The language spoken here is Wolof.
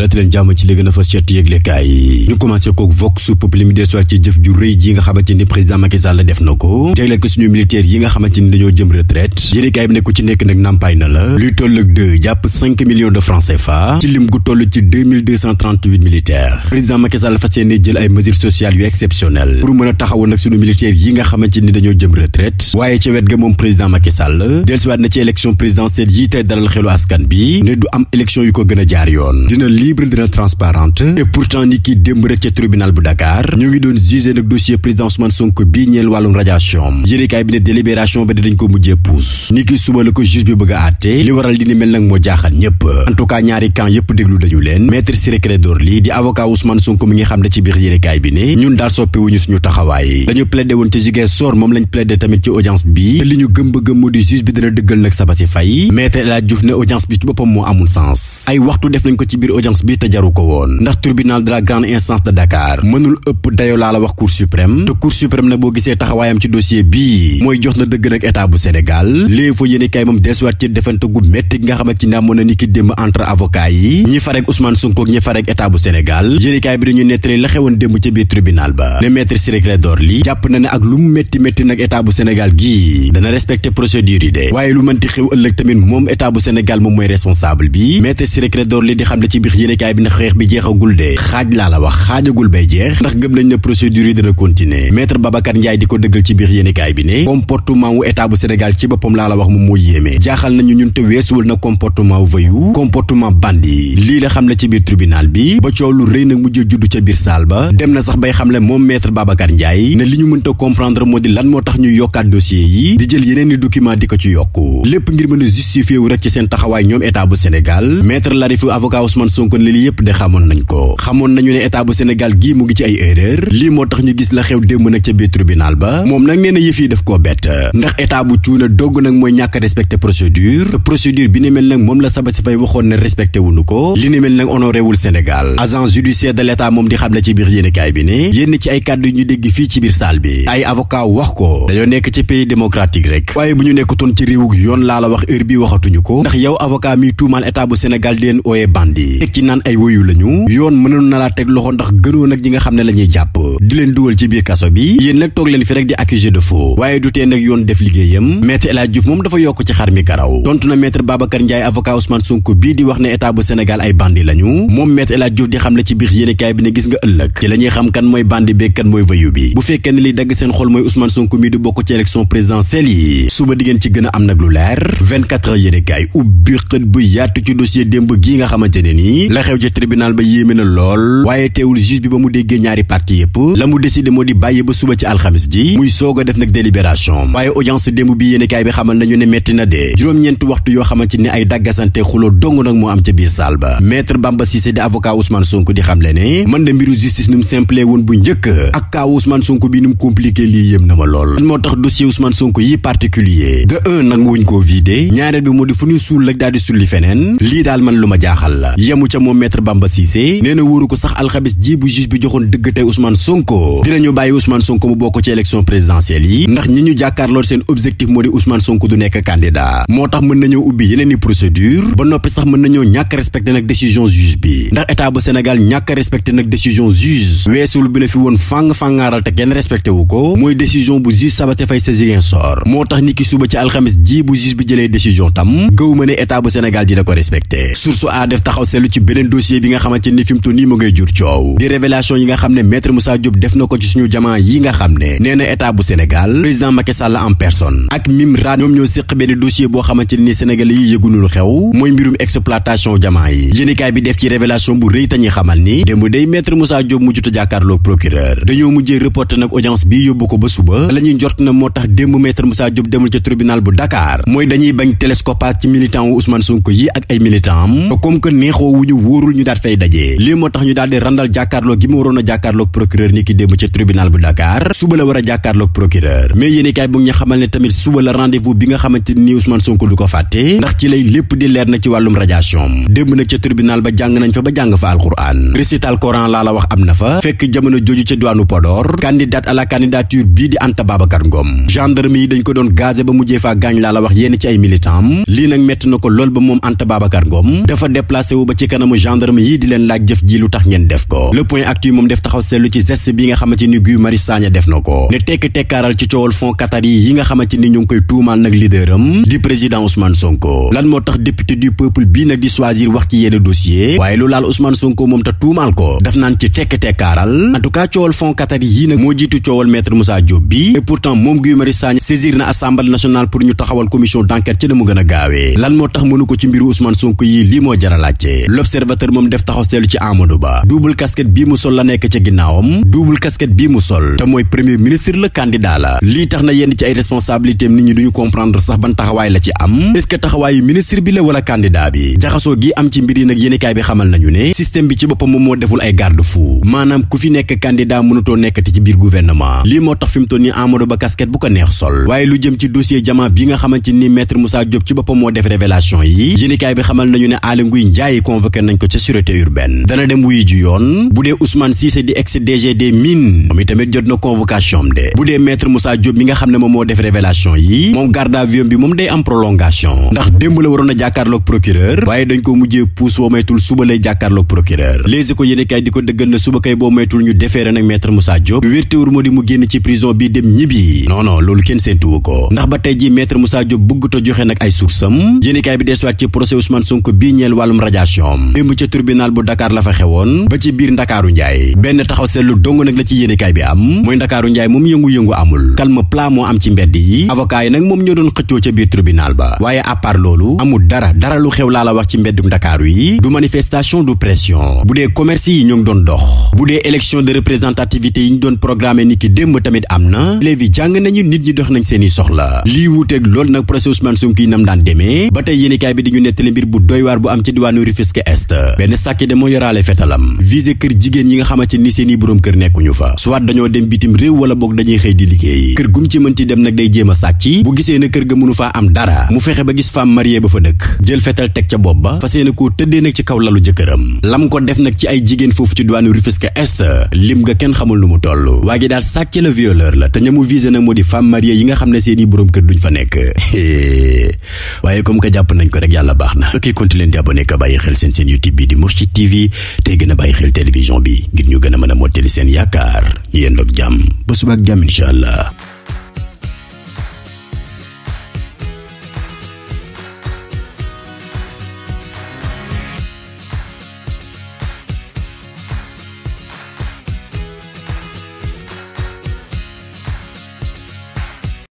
dalati leen jàmm ci li gën a fës ci yëglekaay yi ñu commencé kook vox populi mi desuwaat ci jëf ju rëy ji nga xamante ni président Macky Sall def na ko jagleel nga xamante ni dañoo jëm retraite yéenekaay bi ne ku ci nekk nag nampaay na la luy toll ak 2 jàpp 5 millions de francs CFA ci lim gu toll ci 2238 militaires président Macky Sall fas yéene jël ay mesures sociales yu exceptionnelles pour mën a taxawoon nag suñu militaire yi nga xamante ni dañoo jëm retraite waaye ci wet ga moom président Macky Sall dellusiwaat na ci élection présidentielle yi tey dalal xelu askan bi ne du am élection yu ko gën jaar yoon libre pourtant ni ki démb ca tribunal bu Dakar ñu ngi doon jugé nag dossier président Ousmane Sonko bii ñeel wàllum radiation yéenekaay bi ne délibération ba dañ ko mujjee puus ni ki suba la ko juge bi bëgg a àtte li waral li ni mel nag moo jaaxal ñépp en ñaari camp yépp déglu dañu leen maître Ciré Clédor Ly di avocat Ousmane Sonko mi ngi xam ne ci biir yéenekaay bi ne ñun daal soppi suñu taxawaay dañu plaidé woon ci juge bi dina dëggal nag instance te jaru ko woon ndax tribunal de la grande instance de Dakar mënul ëpp dayo laa la wax cour suprême te cour suprême nag boo gisee taxawaayam ci dossier bii mooy jox na dëgg nag état bu Sénégal léegi fa yéene kay moom desuwaat ci defante gu métti gi nga xamante ne amoon na ni ki démb entre avocat yi ñi farek Ousmane Sonko ak ñi farek état bu Sénégal yéene kaay bi dañu nettali la xewoon démb ca biir tribunal ba ne maître Ciré Clédor Ly jàpp na ne ak lu mu métti nag gii dana respecté procédure lu mënti xew ëllëg tamit moom état moom mooy responsable bi maître yéenekaay bi ndax xeex bi jeexagul de xaaj laa la wax xaajagul bay jeex ndax gëm nañ ne procédure yi dana ba coow lu ba dem na sax bay xam le moom maître Babacar Ndiaye ne li ñu mënta comprendre moo di lan moo tax ñuy yokkaat dossier yi di jël yeneen i document di ko ci yokku lépp ngir mën a justifié ci seen taxawaay ñoom état bu Sénégal maître Larifou avocat Ousmane Sonko Sonko ne lii yëpp de xamoon nañ ko xamoon nañu ne état bu Sénégal gii mu ngi ci ay erreur lii moo tax ñu gis la xew démb nag ca biir tribunal ba moom nag nee na yëf yi daf koo bett ndax état bu cuuna dogg nag mooy ñàkk respecté procédure procédure bi ni mel nag moom la saba Sabassy Faye waxoon ne respecté wuñu ko li ni mel nag honoré wul Sénégal agence judiciaire de l'état moom di xam ne ci biir yéenekaay bi ne yénn ci ay kàddu yu ñu dégg fii ci biir saal bi ay avocat wax ko dañoo nekk ci pays démocratique rek waaye bu ñu nekkutoon ci réewug yoon laa wax heure bi waxatuñu ko ndax yow avocat mi tuumaal état bu Sénégal di leen ooyee bandi ci naan ay woyu lañu yoon mënoon na teg loxo ndax gënoon ak ñi nga xam ne la jàpp di leen dugal ci biir kaso bi yéen nag toog leen fi rek di accusé de moom dafa yokk ci xar mi karaw tontu na maître Babacar Ndiaye avocat Ousmane Sonko bii di wax ne état bu ay bandi lañu moom maître El Hadji di xam la ci biir yéenekaay bi ne gis nga ëllëg ci la xam kan mooy bandi bi kan mooy voyu bi bu fekkee ne liy dagg seen xol mooy Ousmane Sonko mii di bokk ci la xew ci tribunal ba yéeme na lool waaye teewul juge bi ba mu déggee ñaari parti yëpp la mu décidé moo di bàyyi ba suba ci alxamis ji muy soog def nag délibération waaye audience démb bi yéenekaay bi xamal nañu ne metti na de juróom-ñeenti waxtu yoo xamante ne ay daggasante xuloo dong nag moo am ca biir salle ba maître Bamba Cissé di avocat Ousmane Sonko di xamle ne man de mbiru justice ni mu simple woon bu njëkk ak kaa Ousmane Sonko bi ni mu compliqué lii yëm na ma lool lan moo tax dossier Ousmane Sonko yi particulier de un nanguwuñ koo vidé ñaareel bi moo di fu ñu suul lak daal man lu ma jaaxal la yemu moom maître Bamba Cissé nee ko sax alxamis ji bu juge bi joxoon dëgg tey Ousmane Sonko dinañu bàyyi Ousmane Sonko mu bokk ci élection présidentielle yi ndax ñi ñu jàkkaarloon seen objectif moo di Ousmane Sonko du nekk candidat moo tax mën nañoo ubbi yeneen i procédure ba noppi sax mën nañoo ñàkk respecté nag décision juge bi ndax état Sénégal ñàkk respecté nag décision juge weesul bi la fi woon fàng-fàngaaral te kenn respecté ko mooy décision bu juge Sabassy moo tax ni ki suba ci alxamis ji bu juge bi jëlee décision tam gëw ma ne état bu Sénégal ji ko respecté beneen dossier bi nga xamante ni fi mu toll nii mu ngay jur coow di révélation yi nga xam ne maître Moussa Diop def na ko ci suñu jamono yi nga xam ne nee na bu Sénégal président Macky Sall en personne ak Mimran ñoom ñoo séq benn dossier boo xamante ni Sénégalais yi yëgunul xew mooy mbirum exploitation jamono yi yéenekaay bi def ci révélation bu rëy tañuy xamal ni démb day maître Moussa Diop mujjut a procureur dañoo mujjee reporté nag audience ko ba suba la na moo tax démb maître Moussa Diop demul ca tribunal bu Dakar mooy dañuy bañ télescopage ci militant wu Ousmane Sonko yi ak ay militant am comme que neexoo wuñu wóorul ñu daat fay dajee lii moo tax ñu daal di randal jàkkaarloo gi mu waroon a jàkkaarloog procureur ni ki démb ci tribunal bu Dakar suba la war a jàkkaarloog procureur mais yéeni kaay bu ñu xamal ne tamit suba la rendez-vous bi nga xamante ni Ousmane Sonko du ko fàtte ndax ci lay lépp di leer na ci wàllum radiation démb nag ca tribunal ba jàng nañ fa ba jàng fa alquran récital coran laa la wax am na fa fekk jamono jooju ca diwaanu Podor candidate à la candidature bii di Anta Babacar Ngom gendarme yi dañ ko doon gazé ba mujjee faa gaañ laa la wax yénn ci ay militant am lii nag metti na ko lool ba moom Anta Babacar Ngom dafa déplacé wu ba ci kanamu gendarme yi di leen laaj jëf ji lu tax ngeen def ko le actu moom def taxaw seetlu ci geste bi nga xamante ci coowal fond nga koy tuumaal nag leader di président Ousmane Sonko lan moo tax député du peuple bii nag di choisir wax ci yenn dossier waaye lu laal Ousmane Sonko moom te tuumaal ko daf naan ci tekk tekkaaral en coowal fond yi nag moo jiitu coowal maître Moussa Diop bi pourtant moom Guy Marius Sagna saisir na assemblée nationale pour ñu taxawal a l'observateur moom def taxaw seetlu ci Amadou Ba double casquette bii mu sol la nekk ci ginnaawam double casquette bii mu sol na yenn ci ay responsabilité am nit ñi duñu sax ban taxawaay la ci am est-ce que taxawaayu ministre bi la wala candidat bi jaxasoo gi am ci mbir yi nag yéenekaay bi xamal nañu ne système bi ci boppam moo deful ay garde-fou maanaam ku fi nekk candidat mënutoo nekkati ci biir gouvernement lii moo tax fi mu toll nii Ba casquette bu ko neex sol waaye lu jëm ci dossier jama bi nga xamante ni maître Moussa Diop ci boppam moo def révélation yi yéenekaay bi xamal nañu ne Aly Ngouille Ndiaye convoqué nañ ko ca sûreté urbaine dana dem wuyu ju yoon bu dee Ousmane Cissé na convocation am bu dee maître Moussa Diop mi nga xam ne moom moo def révélation yi moom garde à vue am prolongation ndax démb la waroon a jàkkaarloog procureur waaye dañ ko mujjee puus boo maytul suba lay jàkkaarloog procureur léegi ko yéene kay di ko dëggal na suba kay boo maytul ñu defeere nag maître Moussa Diop lu wértéwur mu génn ci prison bi dem ñibbi non loolu kenn séentuwu ko ndax ba tey ji maître Moussa Diop bëgg ta joxe nag ay source am yéene kay bi desuwaat ci procès Ousmane Sonko bii ñeel wàllum radiation démb ca tribunal bu Dakar la fa xewoon ba ci biir Ndakaaru Njaay benn taxaw seetlu dong nag la ci yéenekaay bi am mooy Ndakaaru Njaay moom yëngu-yëngu amul calme plat moo am ci mbedd yi avocat yi nag moom ñoo doon xëccoo ca biir tribunal ba waaye à part loolu amul dara dara lu xew laa la wax ci mbeddum Ndakaaru yi du manifestation du pression bu dee commerce yi ñoo ngi doon dox bu dee élection de représentativité yi ñu doon programmé ni ki démb tamit am na élèves yi jàng nañu nit ñi dox nañ seeni soxla lii wuuteeg loolu nag procès Ousmane daan demee ba tey yéenekaay bi Est benn sàkkide moo yoraale fetalam visé kër jigéen yi nga xamante ni seeni boroom kër nekkuñu fa soit dañoo dem bitim réew wala boog dañuy xëy di liggéey kër gum ci mënti dem nag day jéem a sàcc bu gisee ne kër ga mënu faa am dara mu fexe ba gis femme mariée ba fa dëkk jël fetal teg ca bopp ba fas yéene koo tëddee nag ci kaw lalu jëkkëram lam ko def nag ci ay jigéen foofu ci duwaanu Rufisque Est lim nga kenn xamul nu mu toll waa gi daal sàcc la te ña mu visé moo di femme mariée nga xam ne seeni boroom kër duñ fa nekk waaye comme que jàpp nañ ko rek seen youtube bi di Mourchid TV tey gën a bàyyi xel télévision bi ngir ñu gën a mën a mottali seen yaakaar ñu yendoog jàmm ba subaak jàmm incha allah